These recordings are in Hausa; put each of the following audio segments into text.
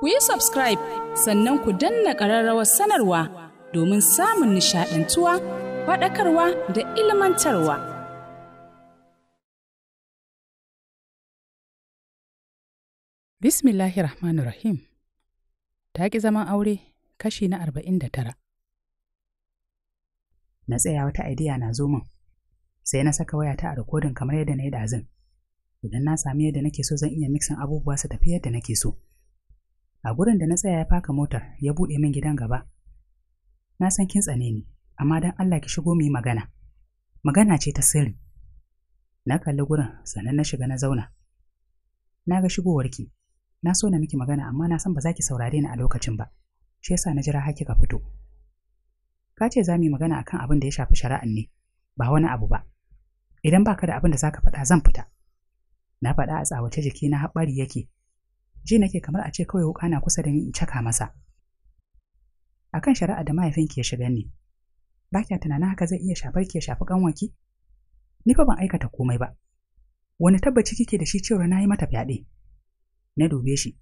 ku yi subscribe sannan ku danna ƙararrawar sanarwa domin samun nishaɗantuwa faɗakarwa da ilmantarwa. Bismillahir Rahmanir Rahim Ta ƙi zaman aure kashi na arba'in da tara. Na tsaya wata idiya na zo min, sai na saka wayata a rikodin kamar yadda na yi dazin. Idan na sami yadda nake so zan iya mixin abubuwa su tafi yadda nake so. a gurin da na tsaya ya faka motar ya buɗe min gidan gaba na san kin tsane ni amma dan Allah ki shigo mu yi magana magana ce ta sirri na kalli gurin sannan na shiga na zauna na ga shigowarki na so na miki magana amma na san ba za ki saurare ni a lokacin ba shi yasa na jira haki ka fito ka ce za mu yi magana akan abin da ya shafi shari'an ne ba wani abu ba idan baka da abin da za ka faɗa zan fita na faɗa a tsawace jiki na haɓari yake ji nake kamar a ce kawai wuka na kusa da ni in caka masa akan shari'a da mahaifin ke shiga ne ba kya tunanin haka zai iya shafar ke shafi kanwaki ni fa ban aikata komai ba wani tabbaci kike da shi cewa na yi mata fyaɗe na dube shi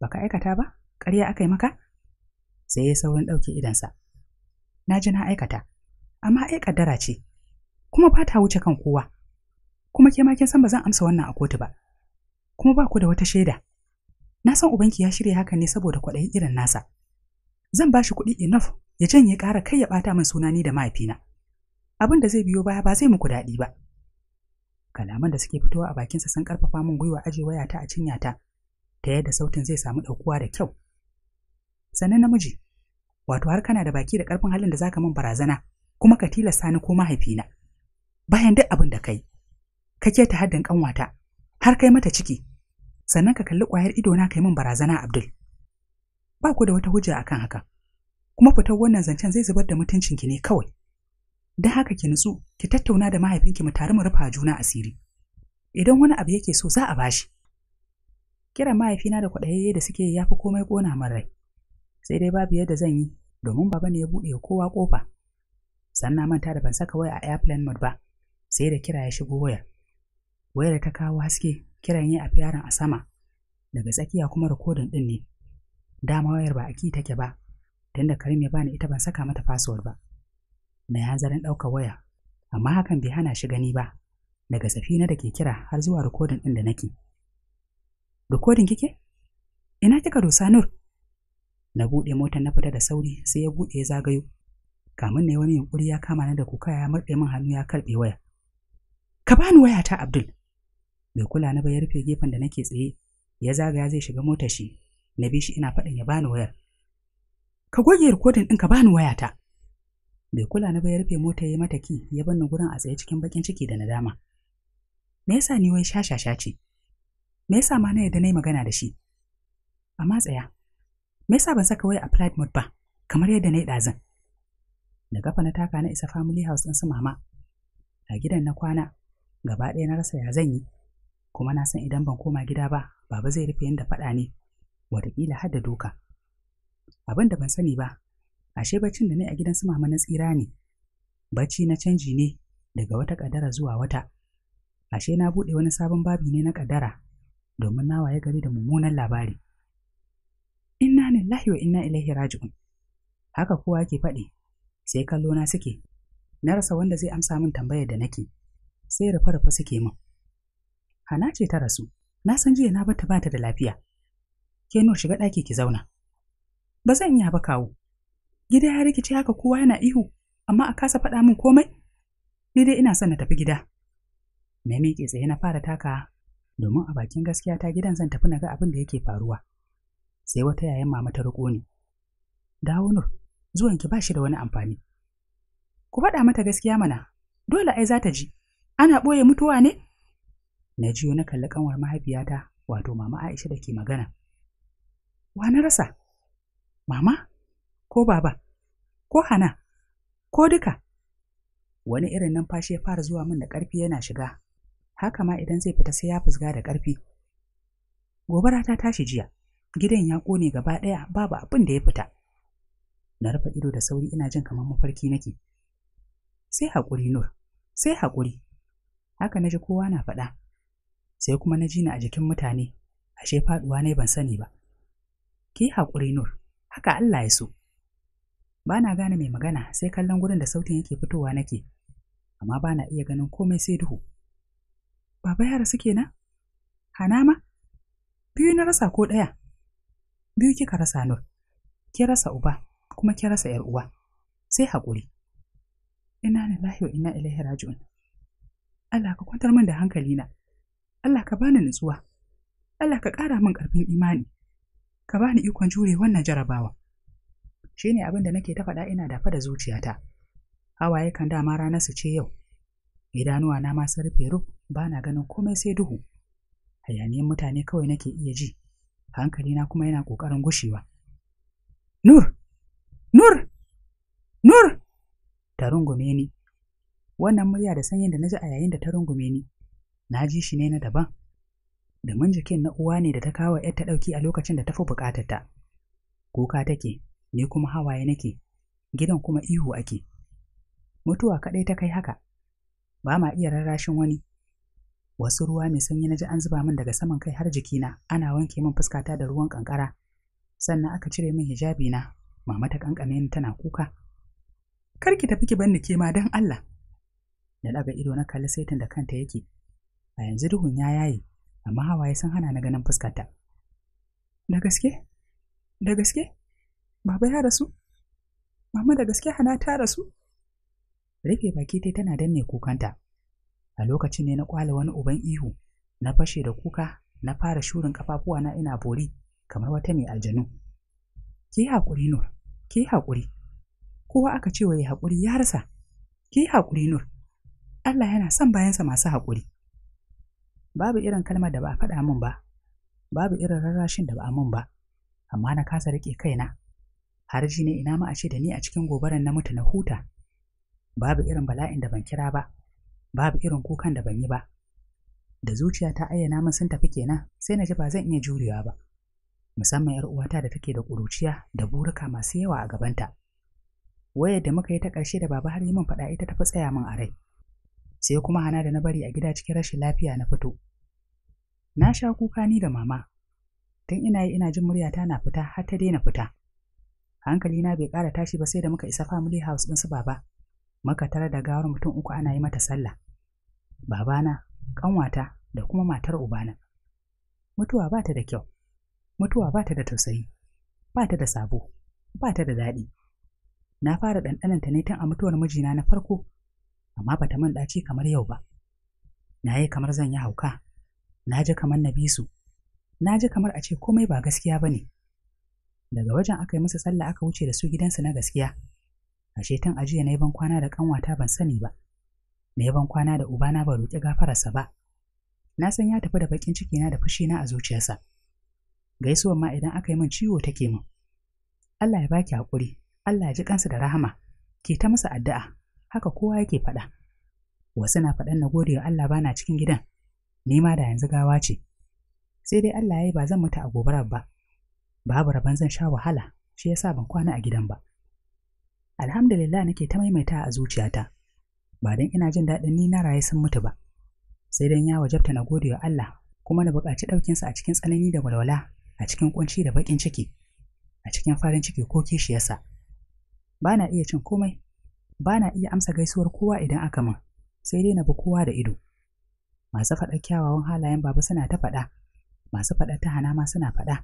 baka aikata ba ƙarya aka yi maka sai ya saurin ɗauke idansa na ji na aikata amma ai ƙaddara ce kuma ba ta wuce kan kowa kuma ke ma kin san ba zan amsa wannan a kotu ba kuma ba ku da wata shaida Na san ubanki ya shirya haka ne saboda kwaɗayin irin nasa. Zan ba shi kuɗi enough ya janye ƙara kai ya ɓata min suna ni da mahaifina. Abin da zai biyo baya ba zai muku daɗi ba. Kalaman da suke fitowa a bakinsa sun karfafa min gwiwa aje wayata a cinyata ta yadda sautin zai samu ɗaukuwa da kyau. Sannan namiji, wato har kana da baki da ƙarfin halin da zaka min barazana kuma ka tilasta ni ko mahaifina. Bayan duk abin da kai, ka ta haddin ƙanwata har kai mata ciki sannan ka kalli ƙwayar ido ka yi min barazana Abdul. Ba ku da wata hujja akan haka, kuma fitar wannan zancen zai zubar da mutuncinki ne kawai. Don haka ki nutsu, ki tattauna da mahaifinki mu tare mu rufa juna asiri. Idan wani abu yake so za a bashi. Kiran mahaifina da kwaɗayayye da suke ya fi komai ƙona min rai. Sai dai babu yadda zan yi, domin baba ne ya buɗe kowa ƙofa. Sannan manta da ban saka waya a airplane mode ba, sai da kira ya shigo wayar. wayar ta kawo haske kiran ya a yaron a sama daga tsakiya kuma rikodin ɗin ne dama wayar ba a ki take ba da karim ya bani ita ban saka mata password ba na ya hanzarin ɗaukar waya amma hakan bai hana shi gani ba daga safina da ke kira har zuwa rikodin ɗin da nake rikodin kike ina kika dosa nur na buɗe motar na fita da sauri sai ya buɗe ya zagayo kamun ne wani yunkuri ya kama na da kuka ya murɗe min hannu ya karɓe waya ka bani wayata abdul bai kula na ba ya rufe gefen da nake tsaye ya zagaya zai shiga motar shi na bi shi ina faɗin ya bani wayar ka goge rikodin ɗin ka bani wayata bai kula na ba ya rufe motar ya mata ki ya bar ni gurin a tsaye cikin bakin ciki da nadama me yasa ni wai shashasha ce me yasa ma na yadda na yi magana da shi amma tsaya me yasa ban saka wai a flight mode ba kamar yadda na yi ɗazin da kafa na taka na isa family house ɗin su mama a gidan na kwana gaba ɗaya na rasa ya zan yi kuma na san idan ban koma gida ba baba zai rufe yadda faɗa ne wataƙila har da duka abin da ban sani ba ashe baccin da ni a gidan su mama na tsira ne bacci na canji ne daga wata ƙadara zuwa wata ashe na buɗe wani sabon babi ne na ƙadara domin na waye gari da mummunan labari inna lillahi wa inna ilaihi raji'un haka kowa ke faɗi sai kallo na suke na rasa wanda zai amsa min tambayar da nake sai rufe-rufe suke min Hana ce ta rasu. Na san jiya na bata bata da lafiya. Ke nur shiga ɗaki ki zauna. Ba zan iya ba kawo. Gida ya rikice haka kowa yana ihu, amma a kasa faɗa min komai. Ni dai ina son na tafi gida. Na miƙe tsaye na fara taka domin a bakin gaskiya ta gidan zan tafi na ga abin da yake faruwa. Sai wata yayan mama ta riƙo ni. Dawo nur, ki ba shi da wani amfani. Ku faɗa mata gaskiya mana, dole ai za ta ji. Ana ɓoye mutuwa ne? na jiyo na kalli kanwar mahaifiyata wato mama aisha da ke magana wa na rasa mama ko baba ko hana ko duka wani irin numfashi ya fara zuwa min da ƙarfi yana shiga haka ma idan zai fita sai ya fusga da ƙarfi gobara ta tashi jiya gidan ya kone gaba ɗaya babu abin da ya fita na rufe ido da sauri ina jin kamar mafarki nake sai haƙuri nur sai haƙuri haka na ji kowa na faɗa sai kuma na ji ni a jikin mutane ashe faduwa ne ban sani ba ki haƙuri nur haka Allah ya so ba na gane mai magana sai kallon gurin da sautin yake fitowa nake amma ba na iya ganin komai sai duhu baba yara suke na hana ma biyu na rasa ko ɗaya biyu kika rasa nur ki rasa uba kuma ki rasa yar uwa sai haƙuri ina lillahi wa inna ilaihi raji'un Allah ka kwantar min da hankalina Allah ka bani nutsuwa Allah ka ƙara min ƙarfin imani ka bani ikon jure wannan jarabawa shi ne abin da nake ta faɗa ina dafa da zuciyata hawaye kan dama rana su ce yau idanuwa na ma sun rufe ruf ba na ganin komai sai duhu hayaniyan mutane kawai nake iya ji Hankali na kuma yana ƙoƙarin gushewa nur nur nur ta rungume ni wannan murya da sanyin da na ji a yayin da ta rungume ni na ji shi ne na daban domin jikin na uwa ne da ta kawo ‘yar ta ɗauki a lokacin da ta fi bukatar ta kuka take ni kuma hawaye nake gidan kuma ihu ake mutuwa kaɗai ta kai haka ba ma iya rarrashin wani wasu ruwa mai sanyi na ji an zuba min daga saman kai har jikina ana wanke min fuskata da ruwan kankara sannan aka cire min hijabi na mama ta kankame ni tana kuka kar ki tafi ki banni ke ma dan Allah da daga ido na kalli saitin da kanta yake a yanzu duhun ya yaye amma hawaye sun hana na ganin fuskarta da gaske da gaske baba ya rasu mama da gaske hana ta rasu rufe baki tai tana danne kukanta a lokacin ne na kwala wani uban ihu na fashe da kuka na fara shurin kafafuwa na ina bori kamar wata mai aljanu ki haƙuri nur ki hakuri kowa aka ce wa ya haƙuri ya rasa ki hakuri nur Allah yana son bayansa masu haƙuri babu irin kalmar da ba a faɗa min ba babu irin rarrashin da ba a min ba amma na kasa riƙe kaina har ji ne ina ma a ce da ni a cikin gobaran na mutu na huta babu irin bala'in da ban kira ba babu irin kukan da ban yi ba da zuciya ta ayyana min sun tafi kenan sai na ji ba zan iya jurewa ba musamman yar uwata da take da ƙuruciya da burika masu yawa a gabanta wayar da muka yi ta ƙarshe da baba har yi min faɗa ita ta fi tsaya min a rai sai kuma hana da na bari a gida cikin rashin lafiya na fito na sha kuka ni da mama tun ina yi ina jin muryata na fita har ta daina fita hankali na bai ƙara tashi ba sai da muka isa family house ɗinsu baba muka tare da gawar mutum uku ana yi mata sallah babana ƙanwata da kuma matar ubana mutuwa ba ta da kyau mutuwa ba ta da tausayi ba ta da sabo ba ta da daɗi na fara ɗanɗananta ne tun a mutuwar mijina na farko amma bata min ɗaci kamar yau ba na yi kamar zan yi hauka na ji kamar na bi su na ji kamar a ce komai ba gaskiya ba ne daga wajen aka yi musu sallah aka wuce da su gidansu na gaskiya ashe tun ajiya na yi ban kwana da kanwata ban sani ba na yi ban kwana da ubana ba roƙi gafararsa ba na san ya tafi da baƙin ciki na da fushi na a zuciyarsa gaisuwan ma idan aka yi min ciwo take mu Allah ya baki haƙuri Allah ya ji kansa da rahama ke ta musu addu'a haka kowa yake faɗa wasu na faɗan na gode wa Allah bana cikin gidan ni ma da yanzu gawa ce sai dai Allah ya yi ba zan mutu a gobarar ba babu rabon zan sha wahala shi ya sa ban kwana a gidan ba alhamdulillah nake ta maimaita a zuciyata ba don ina jin daɗin ni na raye sun mutu ba sai dan ya wajabta na gode wa Allah kuma na buƙaci ɗaukinsa a cikin tsanani da walwala a cikin ƙunci da baƙin ciki a cikin farin ciki ko kishiyarsa ba na iya cin komai ba na iya amsa gaisuwar kowa idan aka min sai dai na bi kowa da ido masu faɗa kyawawan halayen baba suna ta faɗa masu faɗa ta hana ma suna faɗa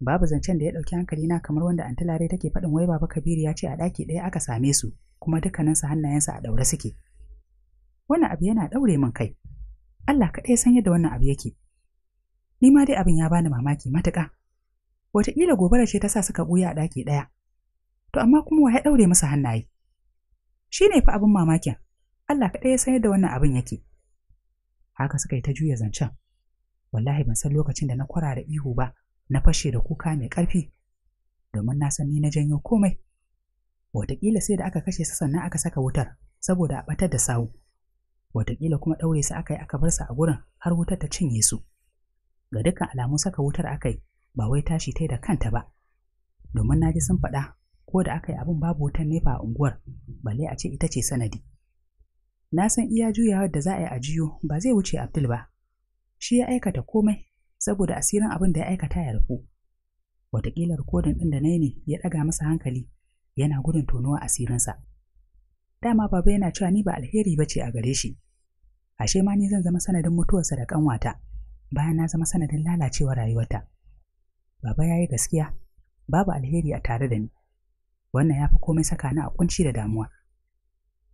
babu zancen da ya ɗauki hankali na kamar wanda antilare take faɗin wai baba kabiru ya ce a ɗaki ɗaya aka same su kuma dukkaninsu hannayensa a ɗaure suke wannan abu yana ɗaure min kai Allah kaɗai san yadda wannan abu yake ni ma dai abin ya bani mamaki matuƙa wataƙila gobara ce ta sa suka ɓuya a ɗaki ɗaya to amma kuma wa ya ɗaure masa hannaye shi ne fa abin mamakin Allah kaɗai ya san yadda wannan abin yake haka suka yi ta juya zancen wallahi ban san lokacin da na kwara da ihu ba na fashe da kuka mai ƙarfi domin na san ni na janyo komai wataƙila sai da aka kashe su sannan aka saka wutar saboda a ɓatar da sawu wataƙila kuma ɗaure su aka yi aka bar su a gurin har wutar ta cinye su ga dukkan alamun saka wutar aka yi ba wai tashi ta da kanta ba domin na ji sun faɗa ko da aka yi abin babu wutan nefa a unguwar balle a ce ita ce sanadi na san iya juyawar da za a yi a jiyo ba zai wuce abdul ba shi ya aikata komai saboda asirin abin da ya aikata ya rufu wataƙila rikodin ɗin da na ne ya ɗaga masa hankali yana gudun tonuwa asirinsa dama baba yana cewa ni ba alheri ba ce a gare shi ashe ma ni zan zama sanadin mutuwarsa da ƙanwata bayan na zama sanadin lalacewar rayuwarta baba ya yi gaskiya babu alheri a tare da ni wannan ya fi komai saka ni a kunci da damuwa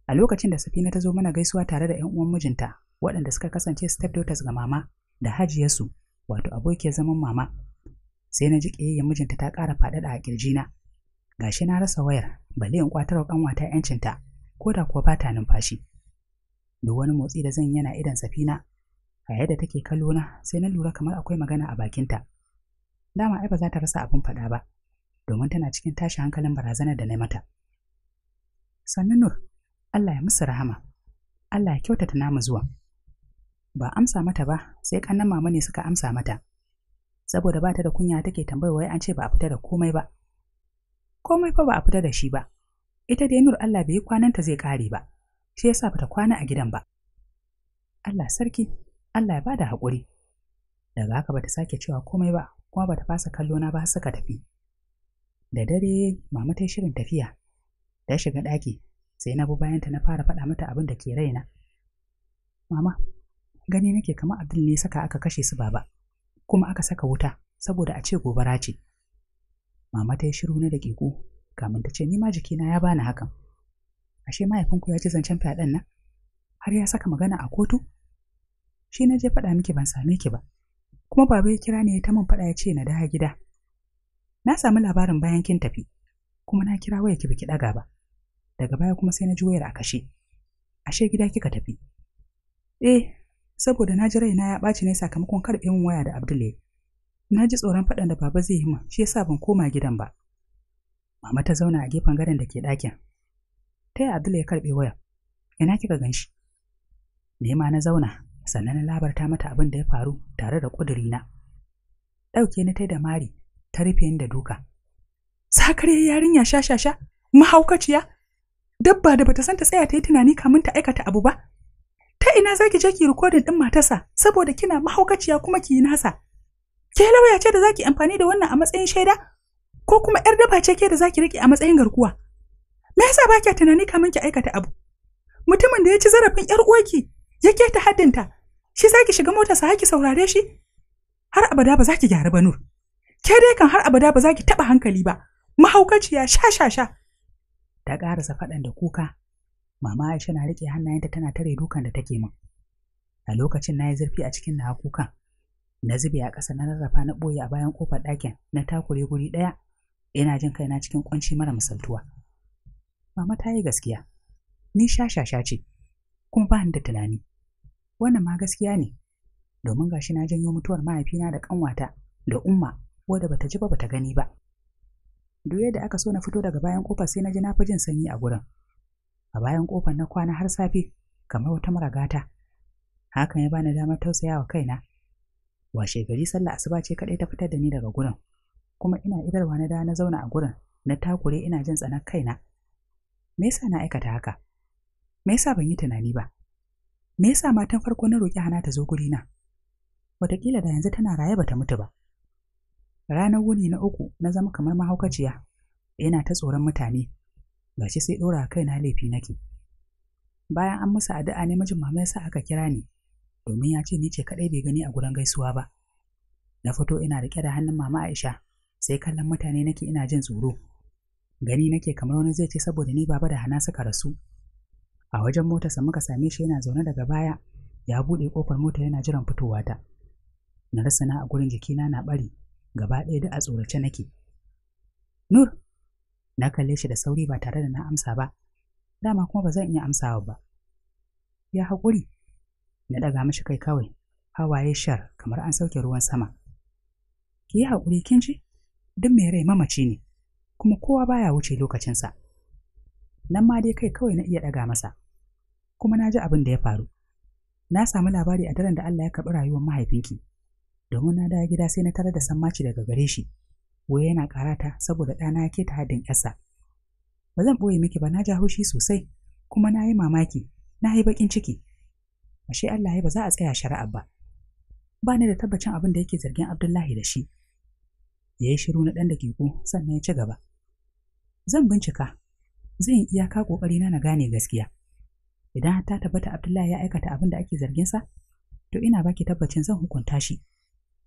a lokacin da safina ta zo mana gaisuwa tare da 'yan uwan mijinta waɗanda suka kasance step daughters ga mama da hajiyarsu wato abokiyar zaman mama sai na ji ƙiyayyar mijinta ta ƙara faɗaɗa a ƙirjina gashi na rasa wayar bale in ƙwatarwa ƙanwata 'yancinta ko da kuwa ba ta numfashi duk wani motsi da zan yana idan safina a yadda take kallo na sai na lura kamar akwai magana a bakinta dama ai ba za ta rasa abin faɗa ba domin tana cikin tashi hankalin barazanar da na mata sannan nur allah ya musu rahama allah ya kyautata namu zuwa ba amsa mata ba sai kannan mama ne suka amsa mata saboda ba ta da kunya take tambayar wai an ce ba a fita da komai ba komai fa ba a fita da shi ba ita dai nur allah bai yi kwananta zai kare ba shi yasa bata kwana a gidan ba allah sarki allah ya bada haƙuri daga haka bata sake cewa komai ba kuma bata fasa kallona na ba suka tafi da dare mama ta yi shirin tafiya ta shiga ɗaki sai na bi bayanta na fara faɗa mata abin da ke raina mama gani nake kamar abdul ne saka aka kashe su baba kuma aka saka wuta saboda a ce gobara ce mama ta yi shiru na daƙiƙu kamin ta ce ni ma jikina ya bani hakan ashe mahaifinku ya ji zancen fyaɗen nan har ya saka magana a kotu shi na je faɗa miki ban same ki ba kuma baba ya kira ne ya ta min faɗa ya ce na dawo gida na samu labarin bayan kin tafi kuma na kira waya ki biki daga ba daga baya kuma sai na ji wayar a kashe ashe gida kika tafi eh saboda na ji raina ya ɓaci ne sakamakon karɓe min waya da Abdul na ji tsoron faɗan da baba zai yi min shi yasa ban koma gidan ba mama ta zauna a gefen gadon da ke ɗakin ta yi Abdul ya karɓe waya ina kika ganshi shi nema na zauna sannan na labarta mata abin da ya faru tare da ƙudurina ɗauke ni ta da mari ta rufe da duka sakare yarinya sha sha sha mahaukaciya dabba da bata san ta tsaya ta yi tunani kamin ta aikata abu ba ta ina zaki je ki rikodin ɗin matarsa saboda kina mahaukaciya kuma ki yi nasa ke lauya ce da zaki amfani da wannan a matsayin shaida ko kuma yar daba ce ke da zaki rike a matsayin garkuwa me yasa ba kya tunani kamin ki aikata abu mutumin da ya ci zarafin yar uwarki ya keta haddinta shi zaki shiga motarsa haki saurare shi har abada ba za ki gyara ba nur ke dai kan har abada ba za ki taɓa hankali ba mahaukaciya sha sha sha ta ƙarasa faɗan da kuka mama aisha na riƙe hannayenta tana tare dukan da take min a lokacin na yi zurfi a cikin na kukan na zube a ƙasa na rarrafa na ɓoye a bayan ƙofar ɗakin na takure guri ɗaya ina jin kaina cikin ƙunci mara misaltuwa mama ta yi gaskiya ni shashasha ce kuma ba ni da tunani wannan ma gaskiya ne domin gashi na janyo mutuwar mahaifina da ƙanwata da umma wadda bata ji ba bata gani ba duk yadda aka so na fito daga bayan kofar sai na ji na fi jin sanyi a gurin a bayan kofar na kwana har safe kamar wata maragata hakan ya bani damar tausayawa kaina washe gari sallah asuba ce kadai ta fitar da ni daga gurin kuma ina idarwa na da na zauna a gurin na takure ina jin tsanar kaina me yasa na aikata haka me yasa ban yi tunani ba me yasa matan farko na roki hana ta zo guri na wataƙila da yanzu tana raye bata mutu ba ranar wuni na uku na zama kamar mahaukaciya yana ta tsoron mutane shi sai ɗora kaina laifi nake bayan an masa addu'a ne mijin mama yasa aka kira ni domin ya ce ni ce kaɗai bai gani a gurin gaisuwa ba na fito ina riƙe da hannun mama Aisha sai kallon mutane nake ina jin tsoro gani nake kamar wani zai ce saboda ni baba da hana suka rasu a wajen sa muka same shi yana zaune daga baya ya buɗe kofar mota yana jiran fitowa ta na rasa na a gurin jikina na ɓari gaba ɗaya da a tsorace nake nur na kalle shi da sauri ba tare da na amsa ba dama kuma ba zan iya amsawa ba ya haƙuri na ɗaga mashi kai kawai hawaye shar kamar an sauke ruwan sama ki yi haƙuri kin ji duk mai rai mamaci ne kuma kowa baya wuce lokacinsa nan ma dai kai kawai na iya ɗaga masa kuma na ji abin da ya faru na samu labari a daren da Allah ya karɓi rayuwar mahaifinki domin na dawo gida sai na tarar da sammaci daga gare shi wai yana karata saboda ɗana ya ta haddin ƙasa ba zan ɓoye miki ba na ja haushi sosai kuma na yi mamaki na yi baƙin ciki ashe Allah ya ba za a tsaya shari'a ba ba ni da tabbacin abin da yake zargin Abdullahi da shi ya yi shiru na ɗan dakiku sannan ya ci gaba zan bincika zan yi iyaka ƙoƙarina na na gane gaskiya idan ta tabbata Abdullahi ya aikata abin da ake zargin sa to ina baki tabbacin zan hukunta shi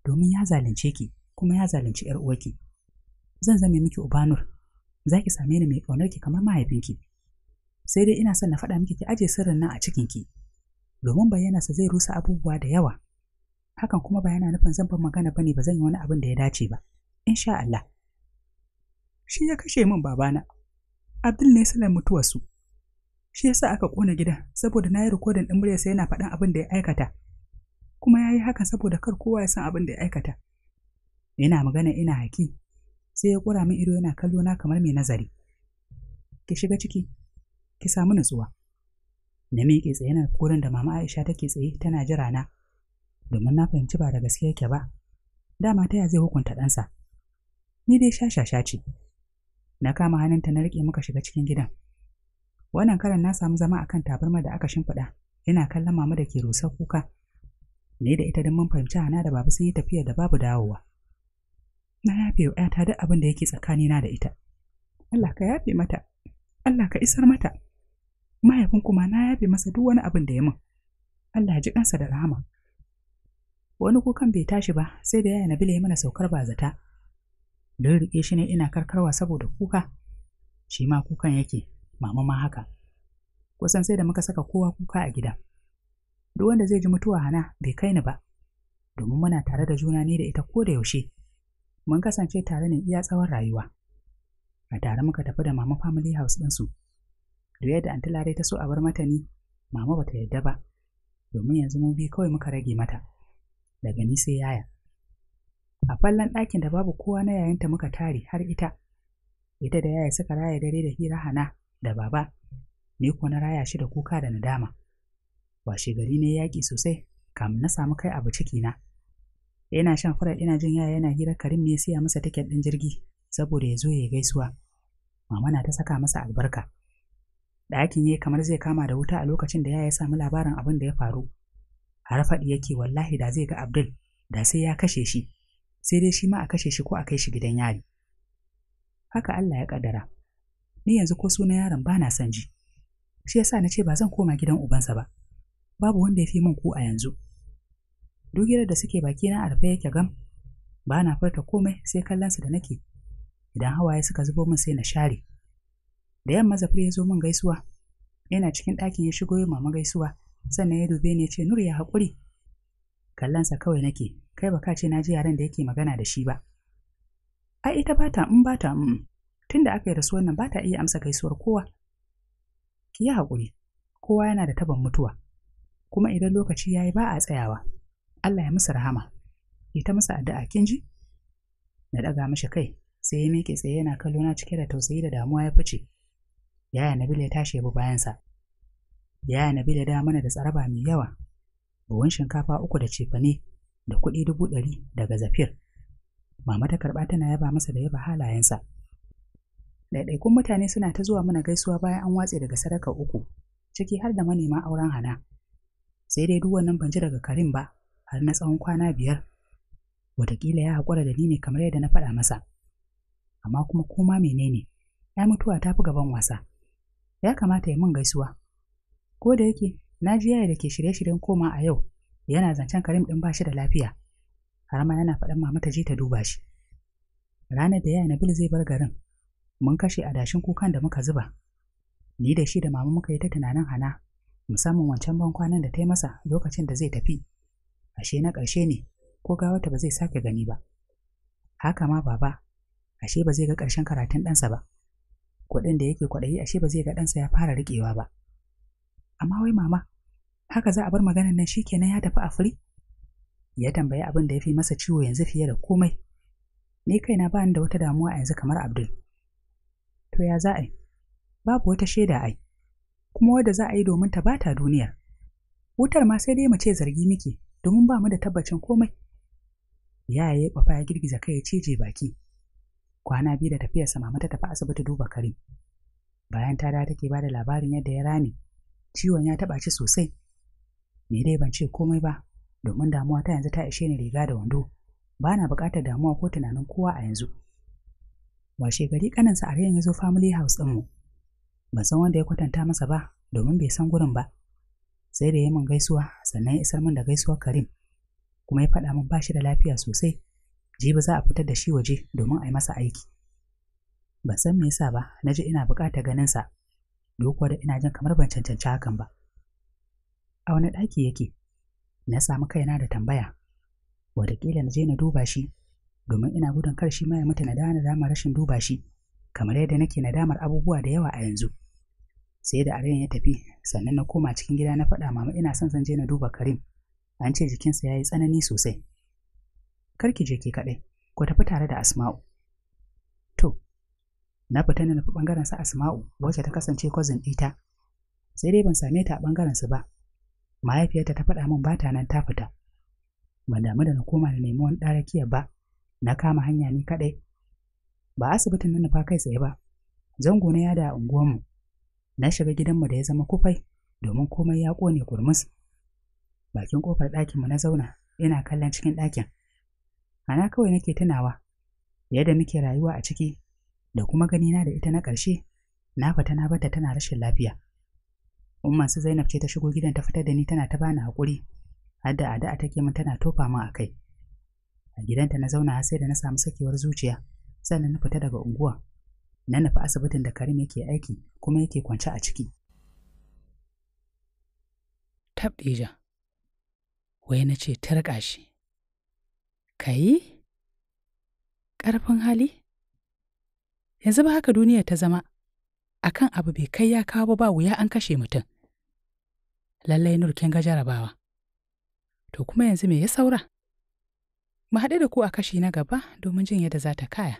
domin ya zalunce ki kuma ya zalunci ‘yar uwarki. Zan zame miki Ubanur, za ki same ni mai ƙaunar ki kamar mahaifinki. Sai dai ina son na faɗa miki ki aje sirrin nan a ki domin bayyana bayyanarsa zai rusa abubuwa da yawa. Hakan kuma ba yana nufin zan bar magana bane ba zan yi wani abin da ya dace ba. Insha Allah. Shi ya kashe min babana. Abdul ne salar mutuwarsu. Shi yasa aka kona gidan saboda na yi rikodin ɗin muryarsa yana faɗan abin da ya aikata. kuma ya yi haka saboda kar kowa ya san abin da ya aikata ina magana ina haki sai ya kura min ido yana kallo na kamar mai nazari ki shiga ciki ki samu nutsuwa na miƙe tsaye na kurin da mama Aisha take tsaye tana jira na domin na fahimci ba da gaske yake ba dama ta ya zai hukunta ɗansa ni dai shashasha ce na kama hannunta na riƙe muka shiga cikin gidan wannan karan na samu zama akan tabarma da aka shimfiɗa ina kallon mama da ke rusar kuka ne da ita don mun fahimci hana da babu sun yi tafiya da babu dawowa na yafe wa ‘yata duk abin da yake tsakanina da ita Allah ka yafe mata Allah ka isar mata mahaifin kuma na yafe masa duk wani abin da ya mun Allah ji kansa da rahama wani kukan bai tashi ba sai da yaya Nabila ya mana saukar bazata don riƙe shi ne ina karkarwa saboda kuka shi ma kukan yake mama ma haka kusan sai da muka saka kowa kuka a gida duk wanda zai ji mutuwa hana bai kai ni ba domin muna tare da juna ne da ita ko da yaushe mun kasance tare ne iya tsawon rayuwa a tare muka tafi da mama family house din su da yadda anti larai ta so a bar mata ni mama bata yarda ba domin yanzu mun bi kawai muka rage mata daga ni sai yaya a fallon ɗakin da babu kowa na yayanta muka tare har ita ita da yaya suka raya dare da hira hana da baba ni ko na raya shi da kuka da nadama washe gari ne yaƙi sosai kamin na samu kai abu ciki na yana shan fura ina jin yaya yana hira karim ne siya masa tiket ɗin jirgi saboda ya zo ya gaisuwa mama na ta saka masa albarka ɗakin yayi kamar zai kama da wuta a lokacin da yaya ya samu labarin abin da ya faru har faɗi yake wallahi da zai ga abdul da sai ya kashe shi sai dai shi ma a kashe shi ko a kai shi gidan yari haka allah ya kaddara ni yanzu ko sunan yaron ba na son ji shi yasa na ce ba zan koma gidan ubansa ba babu wanda ya fi min ku a yanzu dogirar da suke baki na arfe yake gam ba na furta komai sai su da nake idan hawaye suka zubo min sai na share da yamma zafir ya zo min gaisuwa yana cikin ɗakin ya shigo ya mama gaisuwa sannan ya dube ni ya ce nur ya haƙuri kallonsa kawai nake kai baka ce na ji yaran da yake magana da shi ba ai ita bata in mm, bata mm tunda aka yi rasuwar nan bata iya amsa gaisuwar kowa ki yi haƙuri kowa yana da taban mutuwa kuma idan lokaci ya yi ba a tsayawa Allah ya musu rahama ita masa addu'a kin ji na daga mashi kai sai ya miƙe tsaye yana kallo na cike da tausayi da damuwa ya fice yaya Nabila ya tashi bi bayansa yaya ya da mana da tsaraba mai yawa buhun shinkafa uku da cefane da kuɗi dubu ɗari daga zafir mama ta karɓa tana yaba masa da yaba halayensa ɗaiɗaikun mutane suna ta zuwa mana gaisuwa bayan an watse daga sadaka uku ciki har da manema auren hana sai dai duk wannan ban ji daga Karim ba har na tsawon kwana biyar wataƙila ya haƙura da ni ne kamar yadda na faɗa masa amma kuma koma menene ya mutuwa ta fi gaban wasa ya kamata ya min gaisuwa ko da yake na ji yaya da ke shirye-shiryen koma a yau yana zancen Karim ɗin shi da lafiya har ma yana faɗan mama ta je ta duba shi ranar da yaya Nabil zai bar garin mun kashe adashin kukan da muka zuba ni da shi da mama muka yi ta tunanin hana musamman wancan ban kwanan da ta yi masa lokacin da zai tafi ashe na ƙarshe ne ko gawarta ba zai sake gani ba haka ma baba ashe ba zai ga ƙarshen karatun ɗansa ba kuɗin da yake kwaɗayi ashe ba zai ga ɗansa ya fara riƙewa ba amma wai mama haka za a bar maganar nan shikenan ya tafi a firi ya tambayi abin da ya fi masa ciwo yanzu fiye da komai ni kaina ba da wata damuwa yanzu kamar abdul to ya za a yi babu wata shaida ai kuma wadda za a yi domin ta bata duniya wutar ma sai dai mu ce zargi muke domin ba mu da tabbacin komai yaya ya kwafa ya girgiza kai ya cije baki kwana biyu da tafiyarsa mama ta tafi asibiti duba kare bayan ta da take ba da labarin yadda ya rame ciwon ya taɓa shi sosai me dai ban ce komai ba domin damuwa ta yanzu ta ishe ni riga da wando ba na buƙatar damuwa ko tunanin kowa a yanzu washe gari ƙaninsa a ya zo family house ɗinmu ban san wanda ya kwatanta masa ba domin bai san gurin ba sai da ya min gaisuwa sannan ya isar min da gaisuwar karim kuma ya faɗa min bashi da lafiya sosai jibi za a fitar da shi waje domin a yi masa aiki ban san me yasa ba na ji ina bukata ganin sa dokuwa da ina jin kamar ban cancanci hakan ba a wani ɗaki yake na samu kaina da tambaya wataƙila na je na duba shi domin ina gudun kar shi ma ya mutu na dama rashin duba shi kamar yadda nake nadamar abubuwa da yawa a yanzu sai da aryan ya tafi sannan na koma cikin gida na faɗa mama ina son zan je na duba karim an ce jikinsa ya yi tsanani sosai Kar ki je ke kaɗai ku tafi tare da asma'u to na fita na nufi ɓangaren sa asma'u wacce ta kasance kwazin ita sai dai ban same ta a ɓangaren su ba mahaifiyarta ta faɗa min bata nan ta fita ban damu da na koma na nemi wani ɗarakiya ba na kama hanya ni kaɗai ba asibitin na nufa kai tsaye ba zango na yada a unguwarmu na shiga gidanmu da ya zama kufai domin komai ya ƙone gurmus. Bakin ƙofar ɗakinmu na zauna ina kallon cikin ɗakin. Ana kawai nake tunawa, yadda muke rayuwa a ciki da kuma ganina da ita na ƙarshe, na fita na bata tana rashin lafiya. Umman su Zainab ce ta shigo gidan ta fita da ni tana ta bani haƙuri, har da ada take min tana tofa min a kai. A gidanta na zauna sai da na samu sakewar zuciya, sannan na fita daga unguwa. na nufi asibitin da Karim yake aiki kuma yake kwance a ciki. Tabdija, wai na ce tarƙa shi, ka yi? Ƙarfin hali? Yanzu ba haka duniya ta zama, A kan abu bai kai ya kawo ba wuya an kashe mutum. Lallai nur kin ga jarabawa. To kuma yanzu me ya saura? Mu haɗe da ku a kashi na gaba domin jin yadda za ta kaya.